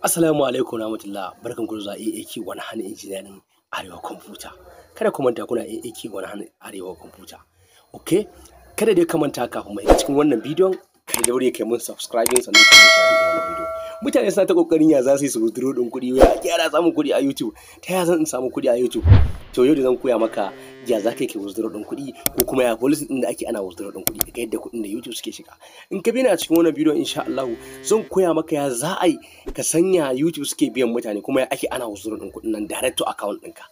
Assalamu alaikum rahmatullah barkan ku zuwa AAK wani hannun engineering Arewa Computer. Kada ku manta kuna AAK wani hannun Arewa Computer. Okay? Kada dai ka manta kafin mai cikin wannan bidiyon ka daure kai mun subscribing sannan ka share wannan bidiyo. mutane suna ta kokarin ya za su yi su kuɗi ya ake samun kuɗi a YouTube ta ya zan samu kuɗi a YouTube to yau da zan koya maka ya za kai yi withdraw din kuɗi ko kuma ya policy din da ake ana withdraw din kuɗi daga yadda kuɗin da YouTube suke shiga in ka bi ni a cikin wannan bidiyon insha Allah zan koya maka ya za a yi ka sanya YouTube suke biyan mutane kuma ya ake ana withdraw din kuɗin nan direct to account ɗinka.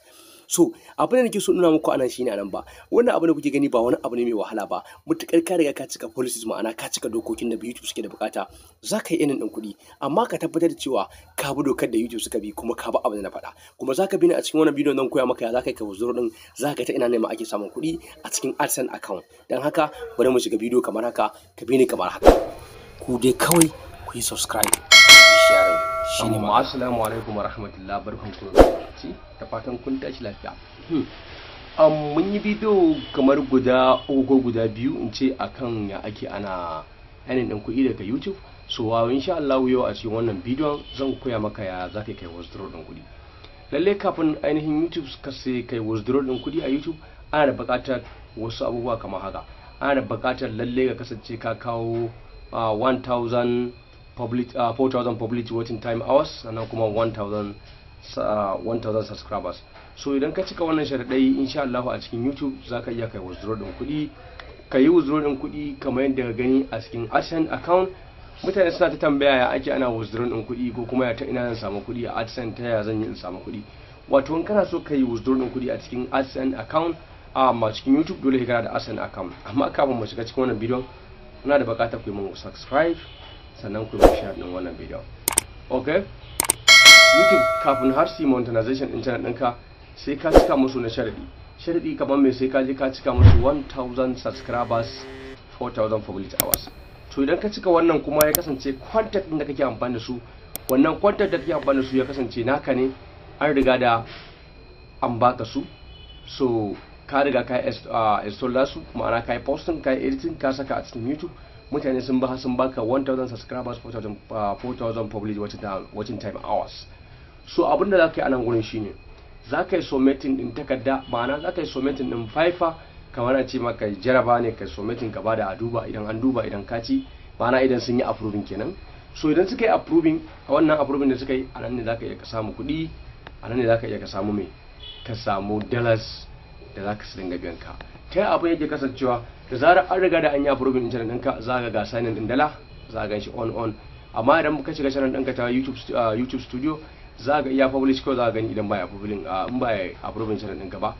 so abin da nake so nuna muku anan shine anan ba wannan abu da kuke gani ba wani abu ne mai wahala ba mutukar ka riga ka cika policies ma'ana ka cika dokokin da YouTube suke da bukata za ka yi irin din kuɗi amma ka tabbatar da cewa ka bi dokar da YouTube suka bi kuma ka bi abu da na faɗa kuma zaka bi ne a cikin wannan bidiyon nan koya maka ya za yi ka wuzuro ɗin za ta ina ne ma ake samun kuɗi a cikin AdSense account dan haka bari mu shiga bidiyo kamar haka ka bi ni kamar haka ku dai kawai ku yi subscribe assalamu alaikum warahmatullahi da fatan kun tashi lafiya hmm. mun yi bidiyo kamar guda uku guda biyu in ce akan ya ake ana yanin ɗin kuɗi daga youtube so wa insha Allah yau a cikin wannan bidiyon zan koya maka ya za ka kai wasu ɗin kuɗi lalle kafin ainihin youtube ka sai kai wasu ɗin kuɗi a youtube ana da buƙatar wasu abubuwa kamar haka ana da buƙatar lalle ka kasance ka kawo 1000 public 4000 public watching time hours sannan kuma 1000 1000 uh, subscribers so idan ka cika wannan sharaɗai insha Allah a cikin YouTube zaka iya kai withdraw din kuɗi ka yi withdraw din kuɗi kamar yadda ka gani a cikin AdSense account mutane suna ta tambaya ya ake ana withdraw din kuɗi ko kuma ya ta ina zan samu kuɗi a AdSense ta ya zan yi in samu kuɗi wato in kana so ka yi withdraw din kuɗi a cikin AdSense account amma um, cikin YouTube dole kana da AdSense account amma kafin mu shiga cikin wannan bidiyon kuna da buƙatar ku yi mun subscribe sannan ku yi share din wannan bidiyon okay youtube kafin har su yi monetization internet ɗinka sai ka cika musu na sharaɗi. Sharaɗi kamar mai sai ka je ka cika musu 1000 subscribers 4000 public hours to idan ka cika wannan kuma ya kasance content ɗin da kake amfani da su wannan content da kake amfani da su ya kasance naka ne an riga da an baka su so ka riga ka ah, install su ma'ana ka yi posting ka yi editing ka saka a cikin youtube mutane sun ba sun baka 1000 subscribers 4000 public watching time hours so abinda za ka yi a nan gurin shine za ka yi sometin din takarda ma'ana za ka yi sometin din faifa kamar a ce maka jaraba ne ka yi sometin gaba da a duba idan an duba idan ka ci ma'ana idan sun yi approving kenan so idan suka yi approving a wannan approving da suka yi a nan ne za ka iya ka samu kuɗi a nan ne za ka iya ka samu mai ka samu dollars da za ka su dinga biyan ka ta yake kasancewa da zarar an riga da an yi approving din channel ɗinka za ka ga sanin din dala za ka gan shi on on amma idan ka shiga shirin ɗinka ta YouTube ah, studio za ga iya publish ko za ga gani idan ba ya a ah, in ba ya approving channel ɗinka gaba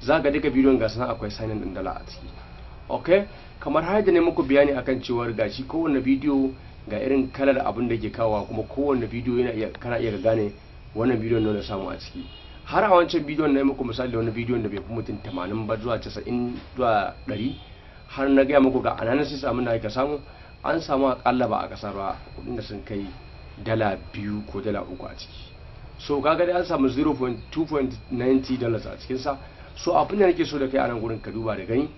za ga duka bidiyon ga sanan akwai sign in ɗin dala a ciki ok kamar har da ne muku bayani akan cewar gashi kowanne bidiyo ga irin kalar abin da ke kawo kuma kowanne bidiyo yana iya kana iya gane wannan bidiyon ne samu a ciki har a wancan bidiyon na muku misali wani bidiyon da bai fi mutum 80 ba zuwa 90 zuwa 100 har na gaya muku ga analysis abin da aka samu an samu akalla ba a kasar ba kudin da sun kai dala biyu ko dala uku a ciki so kaga dai an samu 0.2.90 dollars a cikin sa so abin da nake so da kai a nan gurin ka duba da gani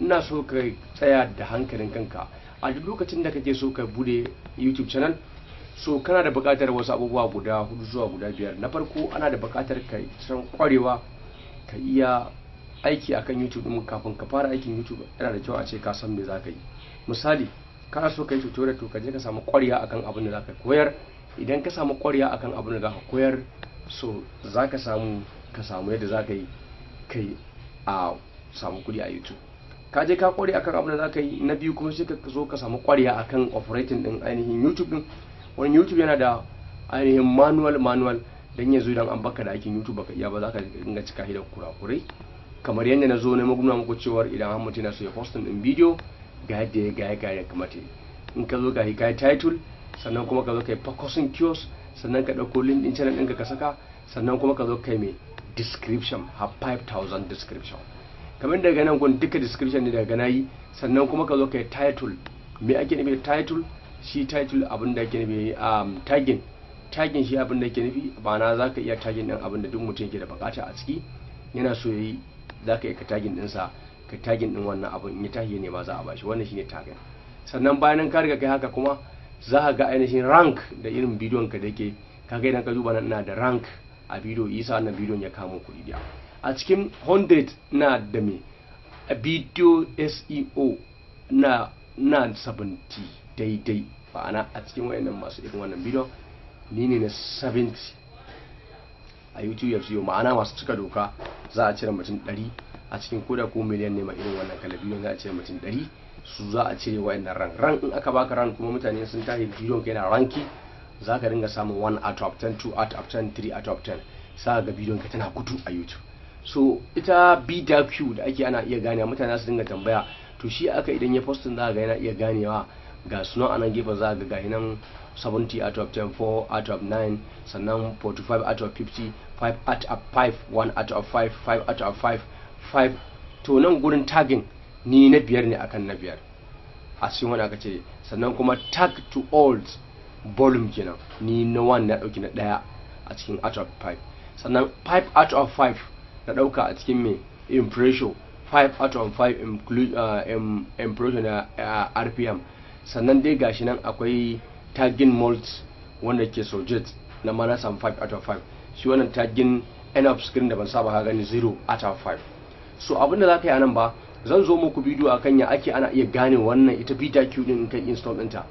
ina so ka tsaya da hankalin kanka a duk lokacin da kake so ka bude youtube channel so kana da bukatar wasu abubuwa guda hudu zuwa guda biyar na farko ana da bukatar ka san kwarewa ka iya aiki akan youtube din kafin ka fara aikin youtube yana da kyau a ce ka san me za ka yi misali kana so ka yi tutorial to ka je ka samu kwarewa akan abin da za ka koyar idan ka samu ƙwarya akan abin da za ka koyar so za ka samu ka samu yadda za ka yi kai a samu kuɗi a youtube ka je ka a akan abin da za ka yi na biyu kuma sai ka zo ka samu ƙwarya akan operating din ainihin youtube din wani youtube yana da ainihin manual manual dan yanzu idan an baka da aikin youtube baka iya ba za ka dinga cika hidan kurakurai kamar yadda na zo na maguna muku cewar idan an mutum na so ya postin din bidiyo ga yadda ya gaya gaya kamata in ka zo ga title sannan kuma ka zo kai focusing kiosk sannan ka ɗauko link ɗin channel ɗinka ka saka sannan kuma ka zo kai mai description ha 5000 description kamar daga nan gun duka description ne daga nayi sannan kuma ka zo kai title me ake nufi title shi title abin da ake nufi um, tagging tagging shi abin da ake nufi bana za ka iya tagging ɗin abin da duk mutum yake da bukata a ciki yana so yayi za ka iya ka tagging ɗinsa ka tagin ɗin wannan abin in ya tashi ne ma za a bashi wannan shine tagin sannan bayan ka riga kai haka kuma za a ga ainihin rank da irin bidiyon ka da ke kaga idan ka duba nan ina da rank a bidiyo isa wannan bidiyon ya kamo kuɗi da a cikin 100 na da me a bidiyo seo na na 70 daidai ma'ana a cikin wayannan masu irin wannan bidiyon ni ne na 70 a youtube ya fiye ma'ana masu cika doka za a cire mutum 100 a cikin koda ko miliyan ne ma irin wannan kalabiyon za a cire mutum 100 su za a cire wa'annan ran ran in aka baka ran kuma mutane sun tashi bidiyon ka yana ranki za ka dinga samun 1 out of 10 2 out of 10 3 out of 10 sa ga bidiyon ka tana gudu a youtube so ita bdq da ake ana iya ganewa mutane su dinga tambaya to shi aka idan ya postin za ga yana iya ganewa ga a nan gefen za ga gahi nan 70 out of 10 4 out of 9 sannan 45 out of 50 5 out of 5 1 out of 5 5 out of 5 5 to nan gurin tagging ni na biyar ne akan na biyar a cikin wani aka ce sannan kuma tag to old volume kenan ni na one na dauki na daya a cikin out of five sannan five out of five na dauka a cikin mai impression five out of five uh, impression na uh, rpm sannan dai gashi nan akwai tagging mold wanda ke sojet na mana sam 5 out of 5 shi wannan tagging end of screen da ban saba ka gani 0 out of 5 so abinda za ka yi a nan ba zan zo muku bidiyo akan ya ake ana iya gane wannan ita bita q din kan install ɗinta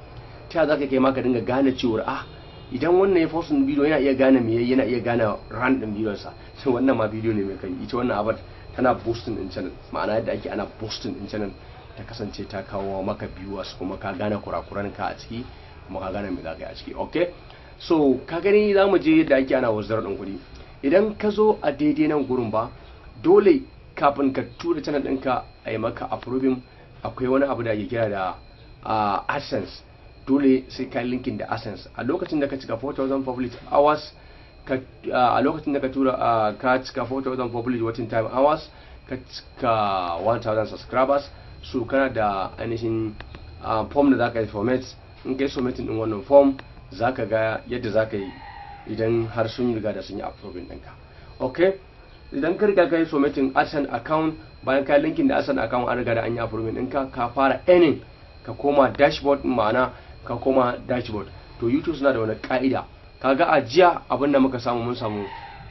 ta za ka kai ma ka dinga gane cewar ah idan wannan ya fosin bidiyo yana iya gane me yana iya gane ran din bidiyon sai wannan ma bidiyo ne mai kai ita wannan abar tana boosting din channel ma'ana yadda ake ana boosting din channel ta kasance ta kawo maka viewers kuma ka gane kurakuran ka a ciki kuma ka gane me za ka yi a ciki okay so ka gani za mu je yadda ake ana wazarar ɗin kuɗi idan ka zo a daidai nan gurin ba dole kafin ka tura channel ɗinka a yi maka approving akwai wani abu da ake kira da AdSense dole sai ka linkin da AdSense a lokacin da ka cika 4000 public hours a lokacin da ka tura ka cika 4000 public watching time hours ka cika 1000 subscribers so kana da ainihin form da zaka yi format in yi submitting din wannan form zaka ga yadda zaka yi idan har sun riga da sun yi approving ɗinka okay idan ka riga kai submitting asan account bayan ka linkin da asan account an riga da an yi approving ɗinka ka fara earning ka koma dashboard ma'ana ka koma dashboard to youtube suna da wani ka'ida kaga a jiya abin da muka samu mun samu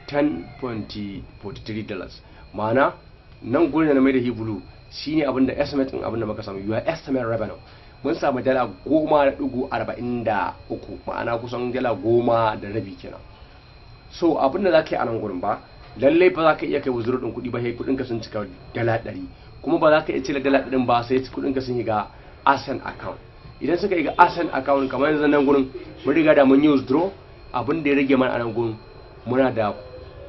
10.43 dollars ma'ana nan gurin na mai da hebulu shine abin da estimate din abin da muka samu your estimate revenue mun samu dala goma da dugu arba'in da uku ma'ana kusan dala goma da rabi kenan so abin da za ka yi a nan gurin ba lallai ba za ka iya kai wuzuru din kuɗi ba sai kuɗinka sun cika dala ɗari kuma ba za ka iya cire dala ɗarin ba sai kuɗinka sun yi ga asan account idan suka yi ga asan account kamar yanzu nan gurin mun riga da mun yi withdraw abin da ya rage mana a nan gurin muna da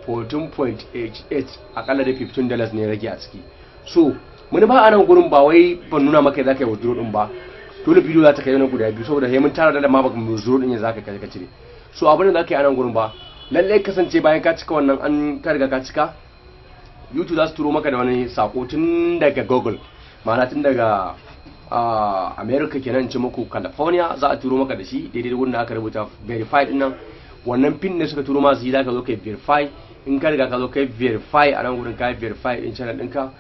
14.88 akalla da 15 dollars ne rage a ciki so mun ba a nan gurin ba wai ban nuna maka za ka yi wuzuru din ba dole video za ta kai wani guda biyu saboda sai mun tara da ma ba mu wuzuru din ya za ka kai ka cire so abin da za ka yi a nan gurin ba lallai kasance bayan ka cika wannan an karga ka cika youtube za su turo maka da wani sako tun daga google ma'ana tun daga america kenan ci muku california za a turo maka da shi daidai da aka rubuta verify din nan wannan pin ne suka turo masu yi za ka zo kai verify in ka riga ka zo kai verify a nan wurin ka verify din channel ɗinka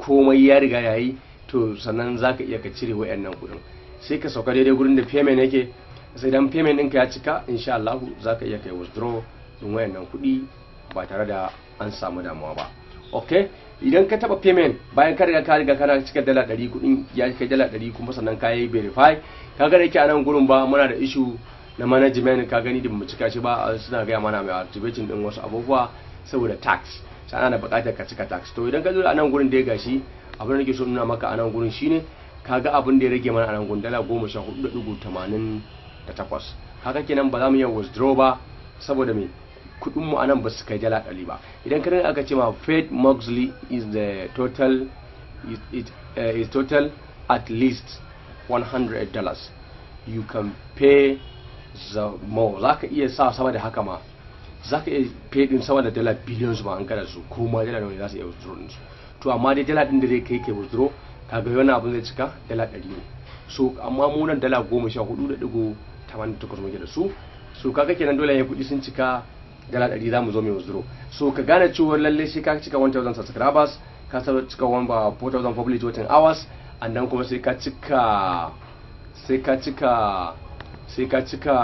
komai ya riga yayi to sannan za ka iya ka cire nan kuɗin sai ka sauka daidai gurin da payment yake sai dan payment ɗinka ya cika insha Allah za ka iya kai withdraw din wayannan kuɗi ba tare da an samu damuwa ba ok idan ka taba payment bayan ka riga ka riga kana cika dala 100 kuɗin ya cika dala ɗari kuma sannan ka yi verify ka ga yake a nan gurin ba muna da issue na management ka gani da mu cika shi ba suna gaya mana mai activating din wasu abubuwa saboda tax sai ana buƙatar ka cika tax to idan ka zo a nan gurin da ya gashi abin da nake so nuna maka a nan gurin shine ga abin da ya rage mana a nan gurin dala 14.88 kaga kenan ba za mu yi withdraw ba saboda me kudin mu anan ba su kai dala ɗari ba idan ka aka ce ma Fred Moxley is the total is, it, uh, eh, is total at least 100 dollars you can pay the more za ka iya sa sama da haka ma za ka iya pay din sama da dala billions ba an kada su ko ma dala nawa za su iya withdraw din su to amma dai dala din da zai kai kai withdraw kaga wani abin zai cika dala ɗari ne so amma mu nan dala goma sha hudu da digo tamanin takwas muke da su so kaga kenan dole ya kuɗi sun cika dala ɗari za mu zo mai wuzuro so ka gane cewa lalle shi ka cika 1000 subscribers ka cika 4000 public voting hours and then kuma sai ka cika sai ka cika sai ka cika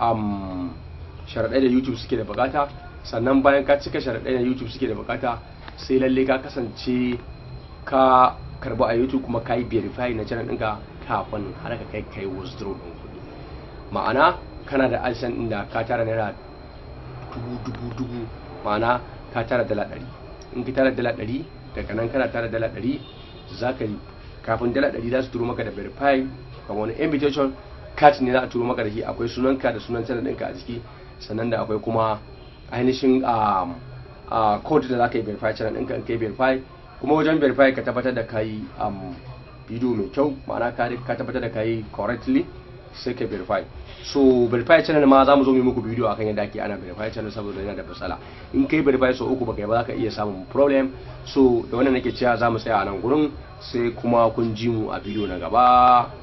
um, sharaɗai da youtube suke da bukata sannan bayan ka cika sharaɗai da youtube suke da bukata sai lalle ka kasance ka karbi a youtube kuma ka yi verify na channel ɗinka kafin har ka kai kai withdraw ɗin kuɗi ma'ana kana da adsense inda ka tara naira dubu dubu dubu ma'ana ka tara dala ɗari in ka tara dala ɗari daga nan kana tara dala ɗari za ka yi kafin dala ɗari za su turo maka da verify kamar wani invitation card ne za a turo maka da shi akwai sunanka da sunan channel ɗinka a ciki sannan da akwai kuma ainihin um, uh, code da za ka yi verify channel ɗinka in ka yi verify kuma wajen verify ka tabbatar da ka yi bidiyo um, mai kyau ma'ana ka tabbatar da ka yi correctly sai ka verify so verify channel ma za mu zo mu muku bidiyo akan yadda ake ana verify channel saboda yana da fasala in kai verify so uku baka yi ba za ka iya samun problem so da wannan nake cewa za mu tsaya a nan gurin sai kuma kun ji mu a bidiyo na gaba